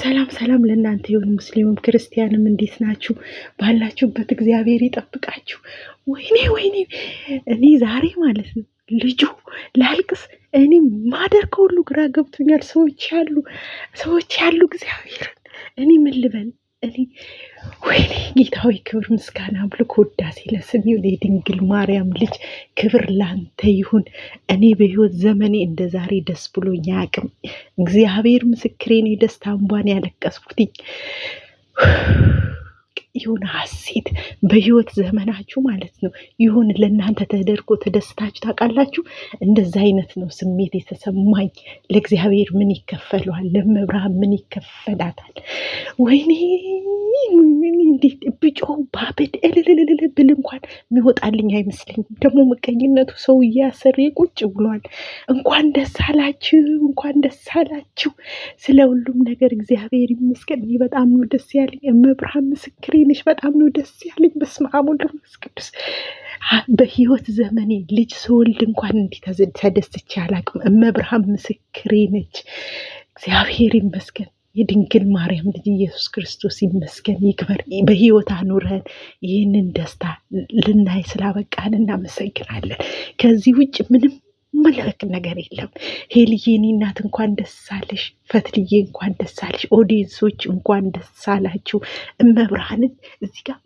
ሰላም ሰላም ሰላም ለእናንተ ይሁን። ሙስሊምም ክርስቲያንም እንዴት ናችሁ? ባላችሁበት እግዚአብሔር ይጠብቃችሁ። ወይኔ ወይኔ፣ እኔ ዛሬ ማለት ነው ልጁ ላልቅስ፣ እኔ ማደር ከሁሉ ግራ ገብቶኛል። ሰዎች ያሉ ሰዎች ያሉ እግዚአብሔርን እኔ ምን ልበል ይስጥልኝ። ወይኔ ጌታዊ ክብር ምስጋና አምልኮ ውዳሴ ለስሜው የድንግል ማርያም ልጅ ክብር ላንተ ይሁን። እኔ በሕይወት ዘመኔ እንደ ዛሬ ደስ ብሎኝ አያውቅም። እግዚአብሔር ምስክሬን ደስታ እንባን ያለቀስኩትኝ የሆነ ሀሴት በህይወት ዘመናችሁ ማለት ነው ይሁን ለእናንተ ተደርጎ ተደስታችሁ ታውቃላችሁ? እንደዛ አይነት ነው ስሜት የተሰማኝ። ለእግዚአብሔር ምን ይከፈለዋል? ለመብርሃን ምን ይከፈላታል? ወይኔ እንዴት ባበድ እልልልል ብል እንኳን የሚወጣልኝ አይመስለኝም። ደግሞ ምቀኝነቱ ሰው እያሰር ቁጭ ብሏል። እንኳን ደስ አላችሁ፣ እንኳን ደስ አላችሁ። ስለ ሁሉም ነገር እግዚአብሔር ይመስገን። እኔ በጣም ነው ደስ ያለኝ። እመብርሃን ምስክሬ ነሽ። በጣም ነው ደስ ያለኝ። በስመ አብ ወወልድ ወመንፈስ ቅዱስ በህይወት ዘመኔ ልጅ ስወልድ እንኳን እንዲህ ተደስቼ አላውቅም። እመብርሃን ምስክሬ ነች። እግዚአብሔር ይመስገን። የድንግል ማርያም ልጅ ኢየሱስ ክርስቶስ ይመስገን ይክበር። በህይወት አኑረን ይህንን ደስታ ልናይ ስላበቃን እናመሰግናለን። ከዚህ ውጭ ምንም መለክ ነገር የለም። ሄልዬ የኔ እናት እንኳን ደስ አለሽ፣ ፈትልዬ እንኳን ደስ አለሽ፣ ኦዲየንሶች እንኳን ደስ አላችሁ። እመብርሃንን እዚህ ጋር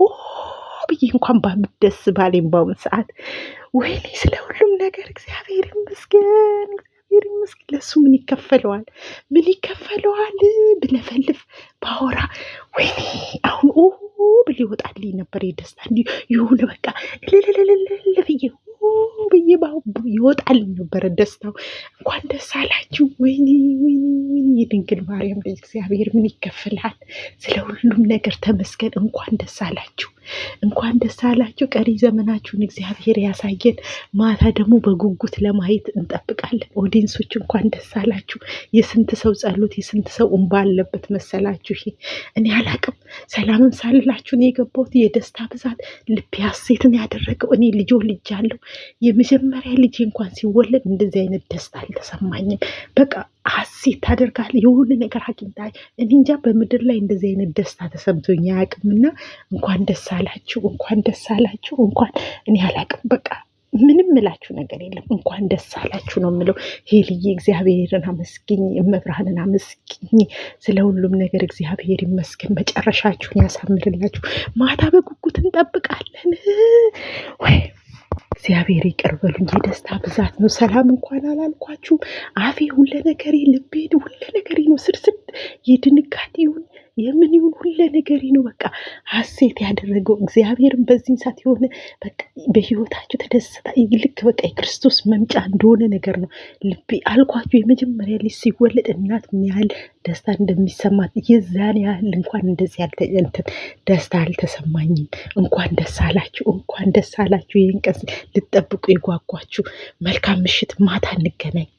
ብዬ እንኳን ባምደስ ባሌን ሰዓት ወይኔ ስለ ሁሉም ነገር እግዚአብሔር ይመስገን። እግዚአብሔር ይመስገን። ለሱ ምን ይከፈለዋል? ምን ይከፈለዋል? ብለፈልፍ ባወራ ወይኔ አሁን ኦ ብል ይወጣልኝ ነበር የደስታ እንዲ የሆነ በቃ ልልልልልል ብዬ ብዬ ይወጣልኝ ነበረ ደስታው። እንኳን ደስ አላችሁ። ወይኔ ወይኔ ወይኔ የድንግል ማርያም ልጅ እግዚአብሔር ምን ይከፍልሃል? ስለ ሁሉም ነገር ተመስገን። እንኳን ደስ አላችሁ። እንኳን ደስ አላችሁ። ቀሪ ዘመናችሁን እግዚአብሔር ያሳየን። ማታ ደግሞ በጉጉት ለማየት እንጠብቃለን። ኦዲንሶች እንኳን ደስ አላችሁ። የስንት ሰው ጸሎት፣ የስንት ሰው እንባ አለበት መሰላችሁ። እኔ አላቅም ሰላምም ሳልላችሁን የገባሁት የደስታ ብዛት ልቤ ሐሴትን ያደረገው እኔ ልጆ ልጃለሁ። የመጀመሪያ ልጅ እንኳን ሲወለድ እንደዚህ አይነት ደስታ አልተሰማኝም። በቃ ሐሴት ታደርጋለህ የሆነ ነገር አግኝታ እኔ እንጃ በምድር ላይ እንደዚህ አይነት ደስታ ተሰምቶኝ አያውቅምና እንኳን ደስ አላችሁ፣ እንኳን ደስ አላችሁ፣ እንኳን እኔ አላውቅም በቃ ምንም ምላችሁ ነገር የለም። እንኳን ደስ አላችሁ ነው የምለው። ሄልዬ እግዚአብሔርን አመስግኝ፣ መብርሃንን አመስግኝ። ስለ ሁሉም ነገር እግዚአብሔር ይመስገን። መጨረሻችሁን ያሳምርላችሁ። ማታ በጉጉት እንጠብቃለን። ወይ እግዚአብሔር ይቅር በሉኝ። የደስታ ብዛት ነው። ሰላም እንኳን አላልኳችሁ። አፌ ሁለ ነገሬ፣ ልቤ ሁለ ነገሬ ነው። ስርስድ የድንጋጤውን የምን ይሁን ሁለ ነገሬ ነው በቃ ሀሴት ያደረገው እግዚአብሔርን በዚህን ሰዓት የሆነ በቃ በህይወታችሁ ተደሰታ ልክ በቃ የክርስቶስ መምጫ እንደሆነ ነገር ነው። ልቤ አልኳችሁ የመጀመሪያ ልጅ ሲወለድ እናት ምን ያህል ደስታ እንደሚሰማት የዛን ያህል እንኳን እንደዚህ ያልተንትን ደስታ አልተሰማኝም። እንኳን ደስ አላችሁ፣ እንኳን ደስ አላችሁ። ይህን ቀን ልጠብቁ የጓጓችሁ መልካም ምሽት፣ ማታ እንገናኝ።